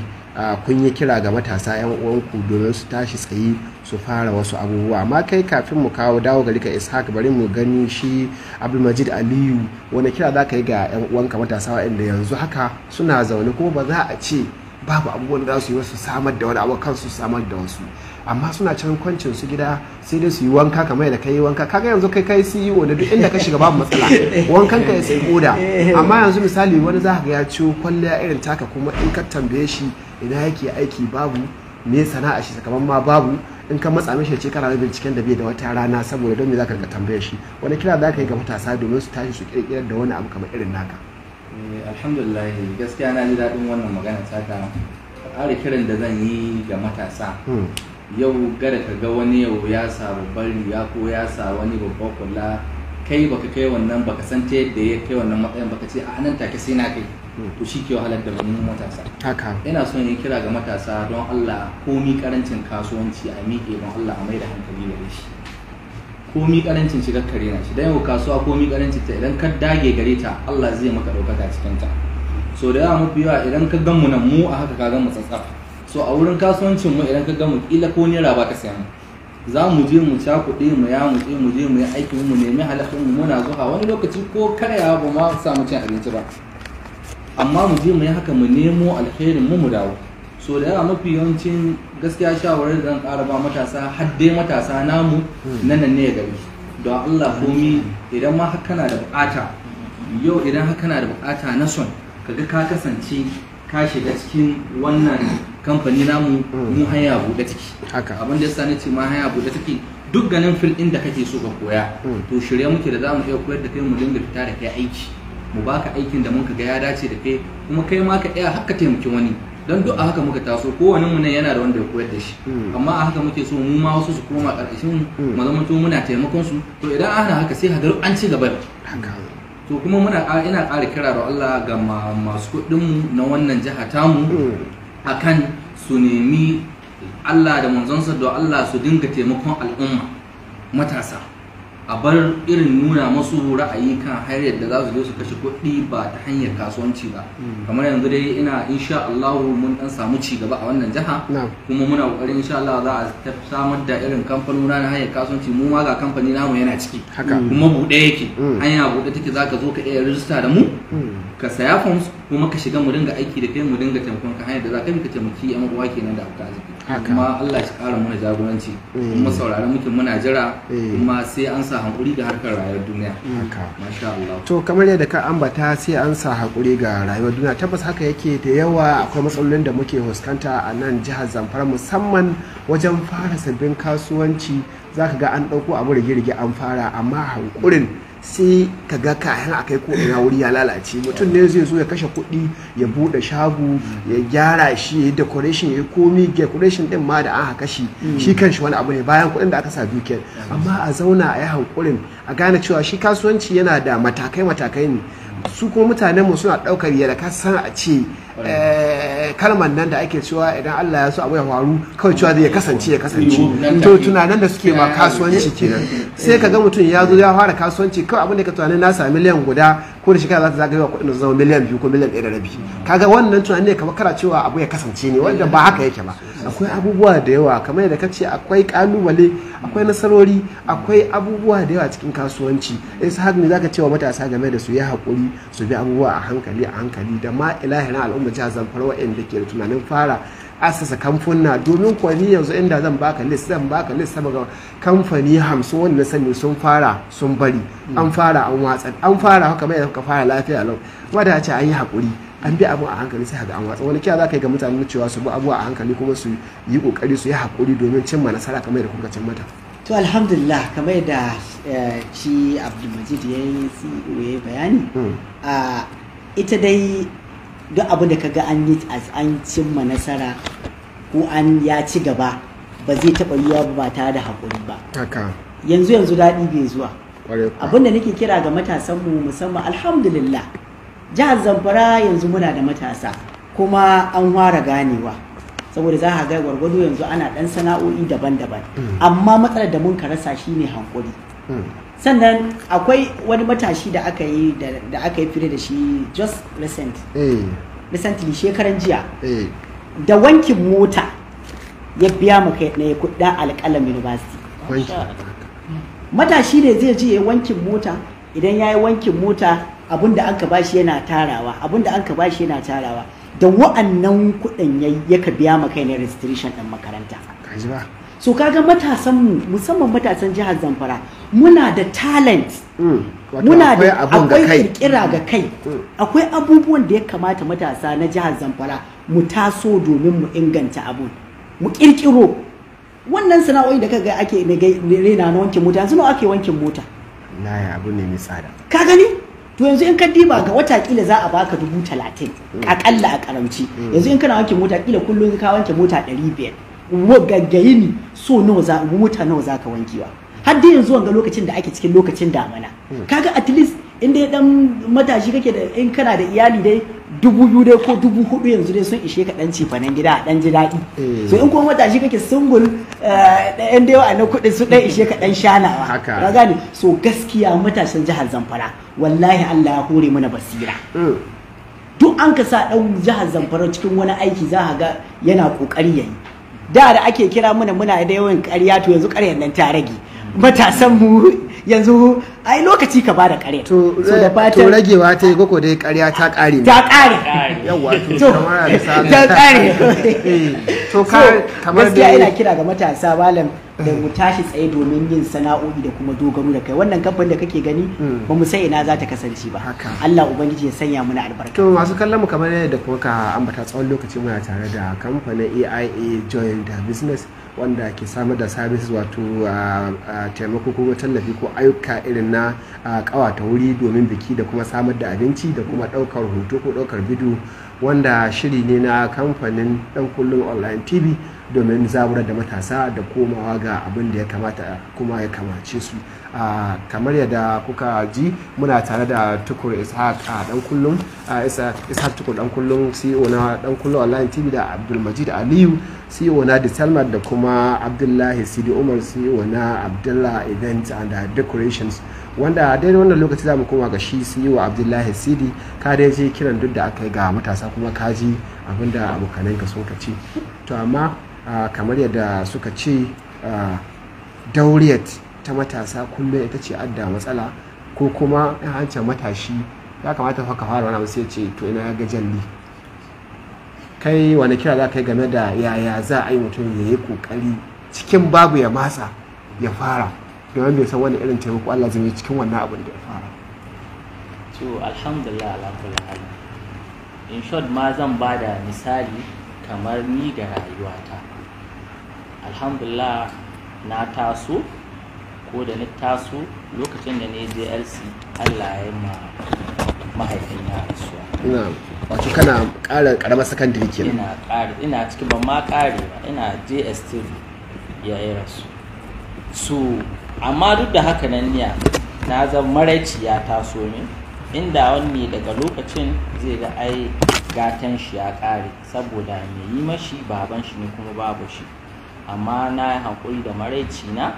kun yi kira ga matasa 'yan uwanku domin su tashi tsaye su fara wasu abubuwa amma kai kafin mu kawo dawo gari ka ishaq bari mu gani shi abdulmajid aliyu wani kira za ka yi ga 'yan uwanka matasa waɗanda yanzu haka suna zaune kuma ba za a ce babu abubuwan da su yi wasu samar da wani abu kansu samar da wasu amma suna can kwancin su gida sai dai su yi wanka kamar yadda kai wanka kaga yanzu kai kai CEO da duk inda ka shiga babu matsala wankan ka ya sai koda eh. amma yanzu misali wani za ga ya ciwo kwalliya irin taka kuma in ka tambaye shi ina yake aiki babu me sana'a shi sakamakon ma babu in ka matsa mishi ce kana binciken da bai da wata rana saboda don me za ka tambaye shi wani kira za ka yi ga matasa domin su tashi su kirkirar da wani abu kamar irin naka eh, alhamdulillah gaskiya na ji daɗin wannan magana taka ƙara kiran da zan yi ga matasa hmm. yau gada ka ga wani yau ya sa babban riga ko ya sa wani babban kula kai baka kai wannan baka san ta yadda ya kai wannan matsayin baka ce a nan take sai na kai hmm. to shi ke wahalar da wani matasa haka ina son yi kira ga matasa don Allah komi karancin kasuwanci a miƙe don Allah a mai da hankali da shi komi karancin shigar kare na shi dan yau kasuwa komi karancin ta idan ka dage gare ta Allah zai maka daukaka cikin ta so da yawa mafi yawa idan ka gan mu nan mu a haka ka gan mu tsatsafa so a wurin kasuwancin mu idan ka ga mu kila ko naira ba ka siya za mu je mu sha kuɗi mu ya mu je mu je mu yi aikin mu nemi halafin mu muna zuwa wani lokaci ko karyawa ba ma samu cin abinci ba amma mu je mu yi haka mu nemo alherin mu mu dawo so da yawa mafi yawancin gaskiya shawarar da zan ƙara ba matasa har dai matasa namu hmm. na nan ne gari don Allah komi idan ma haka na da bukata yau idan haka na da bukata na son kaga ka kasance ka shiga cikin wannan kamfani namu hmm. mu haya buɗe ciki. haka abin da yasa nace ma haya buɗe ciki. duk ganin fil ɗin da kake so ka koya hmm. to shirye muke da zamu iya koyar da kai mu dinga fita da kai aiki mu baka aikin da mun ga ya dace da kai kuma kai ma ka iya haka taimaki wani don duk a haka muka taso kowane mu nan yana da wanda ya koyar da shi hmm. amma a haka muke so mu ma wasu su koma karkashin mu mu zama muna taimakon su to idan ana haka sai hadaru an ci gaba to kuma muna ina ƙara kira da Allah ga masu kuɗin na wannan jiha tamu akan su nemi Allah da manzonsa da Allah su dinga taimakon al'umma matasa a bar irin nuna masu ra'ayi kan har yadda za su je su kashe kuɗi ba ta hanyar kasuwanci ba mm. kamar yanzu dai ina insha Allah mun dan samu ci gaba a wannan jiha kuma muna kokarin insha Allah za a samar da irin kamfanona na hanyar kasuwanci mu ma ga kamfani namu yana ciki kuma buɗe yake mm. hanya buɗe take zaka zo ka iya rijista da mu mm. ka saya forms kuma ka shiga mu dinga aiki da kai mu dinga taimakon ka hanyar da za ka ka taimaki yan uwa kenan da aka arziki kuma Allah shi ƙara mana jagoranci eh. kuma saurare muke muna jira eh. kuma sai an sa hankuri ga harkar rayuwar duniya masha Allah to kamar yadda ka ambata sai an sa hakuri ga rayuwar duniya tabbas haka yake da yawa akwai matsalolin da muke fuskanta a nan jihar Zamfara musamman wajen fara sabbin kasuwanci zaka ga an ɗauko abu rige-rige an fara amma hankurin sai ka ga kayan a kai ko ina wuri ya lalace mutum ne zai zo ya kashe kuɗi ya buɗe shago ya gyara shi ya decoration ya komi decoration din ma da an haka shi mm. shi kanshi wani abu ne bayan kuɗin da aka sa dukiyar mm. amma a zauna a yi hankulin a gane cewa shi kasuwanci yana da matakai matakai ne su kuma mutanen mu suna ɗaukar yadda ka san a ce Eh, kalman nan da ake cewa idan Allah ya so abu ya faru kawai cewa zai kasance ya kasance to tunanin da suke ma kasuwanci kenan sai ka ga mutum ya zo ya fara kasuwanci kawai abin da ka tunanin na sami miliyan guda ko da shekara za ta wa kuɗin zama miliyan biyu ko miliyan ɗaya da rabi kaga wannan tunani ne kamar kana cewa abu ya kasance ne wanda ba haka yake ba akwai abubuwa da yawa kamar yadda ce akwai kalubale akwai nasarori akwai abubuwa da yawa cikin kasuwanci eh, sa haka ne za zaka wa matasa game da su ya haƙuri su bi abubuwa a hankali a hankali da ma na al'umma jihar zamfara waɗanda ke da tunanin fara asasa kamfuna domin ni yanzu inda zan baka list zan baka list saboda kamfani hamsin wanda sani sun fara sun bari mm. an fara an watsa an fara haka mai ka fara lafiya lau wadda ce an yi hakuri an bi abu a hankali sai ga an watsa wani kira za ka yi ga mutane cewa su bi abu a hankali kuma su yi kokari su yi hakuri domin cimma nasara kamar da kuka cin mata to alhamdulillah kamar da eh, shi abdulmajid ya yi bayani mm. ah, ita dai duk abu da kaga an yi an cimma nasara ko an ya ci gaba ba zai taba yiwa ba ba tare da hakuri ba yanzu yanzu daɗi bai zuwa abin da nake kira ga matasan mu musamman alhamdulillah jihar zamfara yanzu muna da matasa kuma an fara ganewa saboda za a ga gwargwado yanzu ana ɗan sana'o'i daban-daban hmm. amma matsalar da mun ka rasa shine hankuri hmm. sannan akwai wani matashi da aka yi da aka yi fire da shi just recent eh. recently shekaran jiya eh. da wankin mota ya biya mu kai na kudda alƙalam university matashi ne zai ji je wankin mota idan ya yi wankin mota abinda an ka bashi yana tarawa abinda an ka bashi yana tarawa da wa'annan kuɗin ya ka biya maka kai na restitution din makaranta so kaga matasan mu musamman matasan jihar zamfara muna da talent mm, muna da akwai kirkira ga kai mm. akwai abubuwan da ya kamata matasa na jihar zamfara mu taso domin mu inganta abun mu kirkiro wannan sana'o'i da kaga ake rena na wankin mota yanzu ake wankin mota na abu ne mai tsada ka gani to yanzu in ka diba ga wata kila za a baka dubu talatin mm. akalla a karamci yanzu in kana wankin mota kila kullum ka wanke mota ɗari biyar wagaggayi ne so nawa za mota nawa za ka wankewa har da yanzu wanga lokacin da ake cikin lokacin damana hmm. kaga at least in dai dan matashi kake da in kana da iyali dai dubu biyu dai ko dubu hudu yanzu dai sun ishe ka dan cifanen gida dan ji daɗi eh. so in kuma matashi kake singul ɗan eh, dai wa'annan kuɗi su dan ishe ka dan shanawa ka gane so gaskiya matashin jihar zamfara wallahi Allah ya hore mana basira hmm. duk an ka sa dan jihar zamfara cikin wani aiki za ga yana kokari yayi da da ake kira mana muna da yawan ƙarya to yanzu ƙaryar nan ta rage matasan mu yanzu ai lokaci ka bada kare to eh, to ragewa ta yi koko dai ƙarya ta ƙare ta ƙare yawa to ta ƙare to kamar da eh, ina kira ga matasa malam da mu tashi tsaye domin yin sana'o'i da kuma dogaro da kai wannan kamfanin da kake gani hmm. ba mu sai ina za ta kasance ba Allah ubangiji ya sanya mu na albarka to masu kallon mu kamar yadda kuka ambata tsawon lokaci muna tare da kamfanin AIA Joint Business wanda ke samar da sabis wato taimako ko tallafi ko ayyuka irin na kawata wuri domin biki da kuma samar da abinci da kuma daukar hoto ko daukar bidiyo wanda shiri ne na kamfanin dan kullum online tv domin zaburar da matasa da komawa ga abin da ya kamata kuma ya kamace su kamar yadda kuka ji muna tare da tukur ishaq a dan kullum ishaq tukur dan kullum ceo na dan kullum online tv da abdulmajid aliyu ceo na disalmat da kuma abdullahi sidi umar ceo na abdullah events and decorations wanda daidai wannan lokaci za mu koma ga shi ceo abdullahi sidi ka dai je kiran duk da aka yi ga matasa kuma ka ji abinda ka suka ce to amma kamar yadda suka ce dauriyat ta matasa kullum ita ce adda matsala ko kuma ya hanci matashi ya kamata fa ka fara wani sai ce to ina ga jalli kai wani kira za ka yi game da yaya za a yi mutum ya yi kokari cikin babu ya matsa ya fara domin bai san wani irin taimako Allah zai yi cikin wannan abin da ya fara to alhamdulillah ala kulli hal in short ma zan ba da misali kamar ni da rayuwata alhamdulillah na taso ko da na taso lokacin da ne jlc allah ya ma ya rasuwa ina wato kana ƙara ƙaramar secondary ke ina ƙari ina cikin ban ma ƙari ina jst ya yi rasu su amma duk da haka nan niya na zan maraici ya taso min inda wani daga lokacin zai ga ai gatan shi ya ƙare saboda mai yi mashi baban shi ne kuma babu shi amma na yi haƙuri da maraici na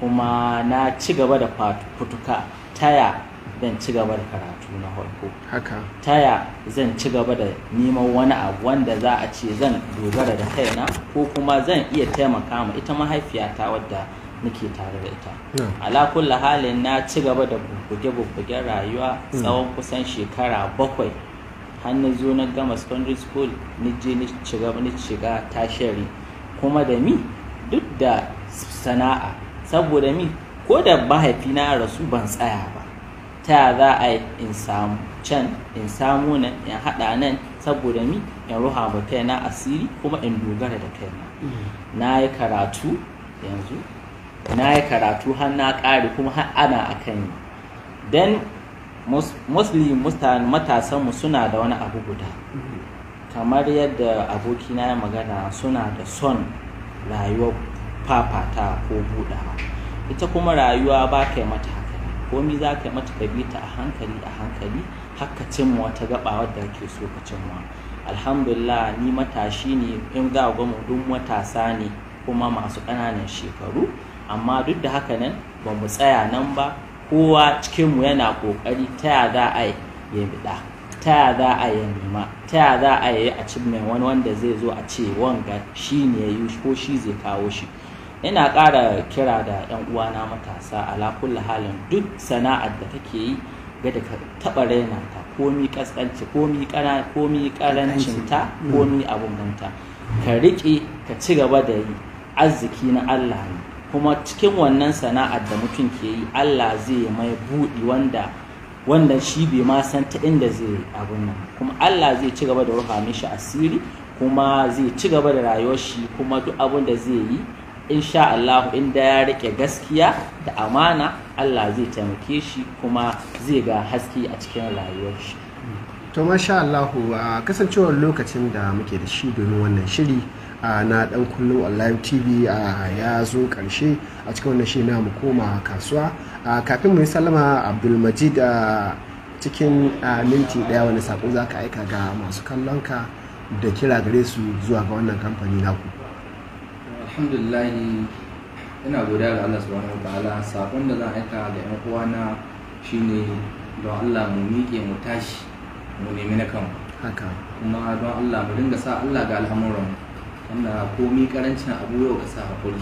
kuma na ci gaba da fatuka taya zan ci gaba da karatu na farko taya zan ci gaba da neman wani abu wanda za a ce zan dogara da kaina ko kuma zan iya taimaka ma ita mahaifiyata wadda nake tare da ita alakulla halin na ci gaba da bubbuge-bubbugen rayuwa tsawon kusan shekara bakwai hannun na zo na gama secondary school ni je ni shiga ni tashari kuma da mi duk da sana'a saboda mi ko da mahaifina rasu ban tsaya ba ta za a yi in samu can in samu nan in haɗa nan saboda mi in ruha ba kaina asiri kuma in dogara da kai mm. na yi karatu yanzu na yi karatu har na ƙare kuma har ana a kan yi. dan mostly matasanmu suna da wani abu guda mm. kamar yadda abokina ya magana suna da son rayuwar fafata ko buɗawa ita kuma rayuwa ba ka yi mata haka komi za ka mata ka bi ta a hankali a hankali haka cimma wata gaba wadda ke so ka cimma alhamdulillah ni matashi ne in ga gwamu duk matasa ne kuma masu ƙananan shekaru amma duk da haka nan ba mu tsaya nan ba kowa cikinmu yana ƙoƙari ta ya za a yi ya biɗa ta ya za a yi nema ta ya za a yi a cimma wani wanda zai zo a ce wanga shi ne ya yi ko shi zai kawo shi ina ƙara kira da 'yan uwana matasa a lakulla halin duk sana'ar da take yi ga da ka taɓa raina ta komi ƙasƙanci komi ƙarancin ta komi ganta ka riƙe ka ci gaba da yi arziki na Allah ne kuma cikin wannan sana'ar da mutum ke yi Allah zai mai buɗi wanda wanda shi bai ma san ta inda zai abun nan kuma Allah zai ci gaba da rufa mishi asiri kuma zai ci gaba da rayuwar shi kuma duk abin da zai yi insha Allah inda ya rike gaskiya da amana Allah zai taimake shi kuma zai ga haske a cikin rayuwar shi to masha Allah a kasancewar lokacin da muke da shi domin wannan shiri na dan kullum live tv ya zo karshe a cikin wannan shiri na mu koma kasuwa kafin mu yi sallama abdulmajid cikin minti daya wani sako za ka aika ga masu kallonka da kira gare su zuwa ga wannan kamfani naku alhamdulillahi ina godiya ga Allah subhanahu wataala sakon da zan aika ga yan uwana shine don Allah mu miƙe mu tashi mu nemi na kan haka kuma don Allah mu dinga sa Allah ga al'amuran wanda komi karancin abu yau ka sa hakuri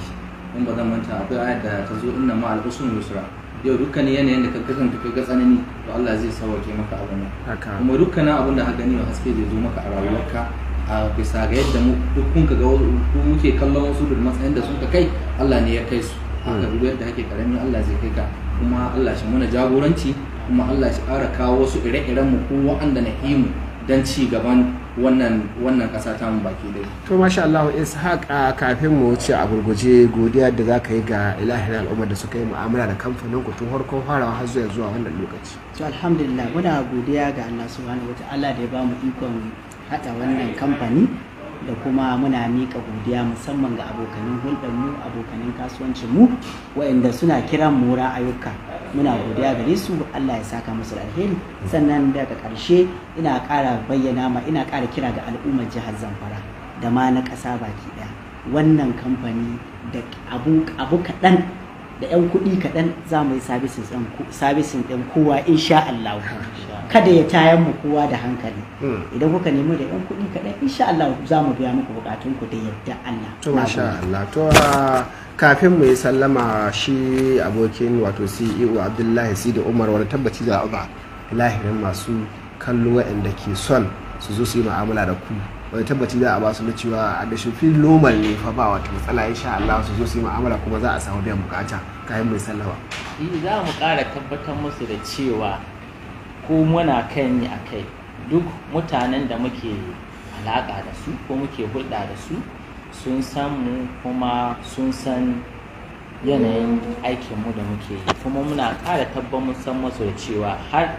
in ba zan manta akwai ayar da ta zo inna ma al'usun yusra yau dukkanin yanayin da ka kasance ka ga tsanani to Allah zai sauke maka abin kuma dukkanin abun da ka gani haske zai zo maka a rayuwarka a bisa ga yadda dukkan ka ga ku muke kallon wasu da matsayin da suka kai Allah ne ya kai su haka duk yadda kake karami Allah zai kai ka kuma Allah shi mana jagoranci kuma Allah shi ƙara kawo wasu ire-iren mu ko waɗanda na himu dan ci gaban wannan wannan ƙasa ta mu baki dai to masha Allah Ishaq kafin mu ce a gurguje godiya da zaka yi ga ilahin al'umma da suka yi mu'amala da kamfanin ku tun farkon farawa har zuwa zuwa wannan lokaci to alhamdulillah muna godiya ga Allah subhanahu wataala da ya bamu ikon haɗa wannan kamfani da kuma muna mika godiya musamman ga abokanin hulɗarmu abokanin kasuwancin mu waɗanda suna kiran mu ayyuka muna godiya gare su Allah ya saka musu alheri sannan daga ƙarshe ina ƙara bayyana ma ina ƙara kira ga al'ummar jihar Zamfara da ma na ƙasa baki ɗaya wannan kamfani da abu abu kaɗan da 'yan kuɗi kaɗan za mu yi sabisin ɗin kowa insha Allah kada ya tayar mu kowa da hankali hmm. idan kuka nemi da yan kuɗi kaɗan insha Allah za mu biya muku bukatun ku da yadda Allah to insha Allah to ah, kafin mu yi sallama shi abokin wato CEO Abdullahi Sidi Umar wani tabbaci da ba lahirin masu kallo waɗanda ke son su zo su yi mu'amala da ku wani tabbaci za a ba su na cewa a da fil normal ne fa ba wata matsala insha Allah su zo su yi mu'amala kuma za a samu biyan bukata kayan yi sallama eh, za mu ƙara tabbatar musu da cewa ko muna kan yi a kai duk mutanen da muke alaƙa da su ko muke hulɗa da su sun san mu kuma sun san yanayin aikinmu da muke yi kuma muna ƙara tabbar mun san masu da cewa har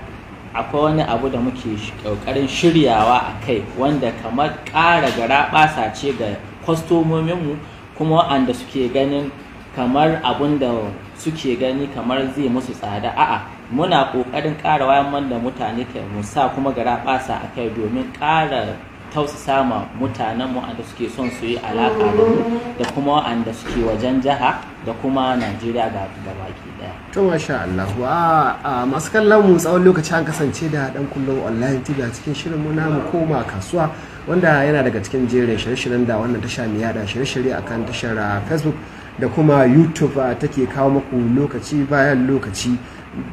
akwai wani abu da muke ƙoƙarin shiryawa a kai wanda kamar ƙara gara ɓasa ce ga kwastomominmu kuma waɗanda suke ganin kamar abun da suke gani kamar zai musu tsada a'a muna ƙoƙarin ƙara wayan man mutane kai mu sa kuma gara ɓasa a kai domin ƙara tausasa ma mutanen mu da suke son su yi alaƙa da mu da kuma wa'anda suke wajen jiha da kuma najeriya ga baki daya to masha Allah wa masu kallon mu tsawon lokaci an kasance da dan kullum online tv a cikin shirin mu mu koma kasuwa wanda yana daga cikin jerin shirye-shiryen da wannan tasha mai yada shirye-shirye akan tashar facebook da kuma youtube take kawo muku lokaci bayan lokaci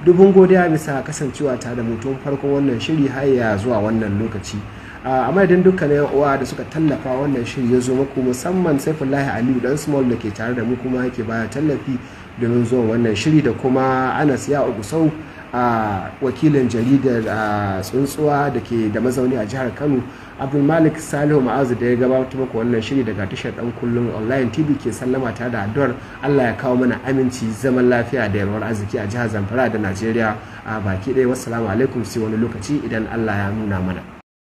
dubin godiya bisa kasancewa ta da mutum farko wannan shiri har ya zuwa wannan lokaci a madadin dukkanin uwa da suka tallafa wannan shiri ya zo muku musamman sai saifullahi aliyu dan small da ke tare da mu kuma yake baya tallafi domin zuwa wannan shiri da kuma anas ya ugusau a wakilin jaridar tsuntsuwa da ke da mazauni a jihar kano Malik salihu ma'azu da ya gabata muku wannan shiri daga tashar dan kullum online tv ke sallama ta da addu'ar allah ya kawo mana aminci zaman lafiya da yalwar arziki a jihar zamfara da najeriya a baki ɗaya wassalamu alaikum sai wani lokaci idan allah ya nuna mana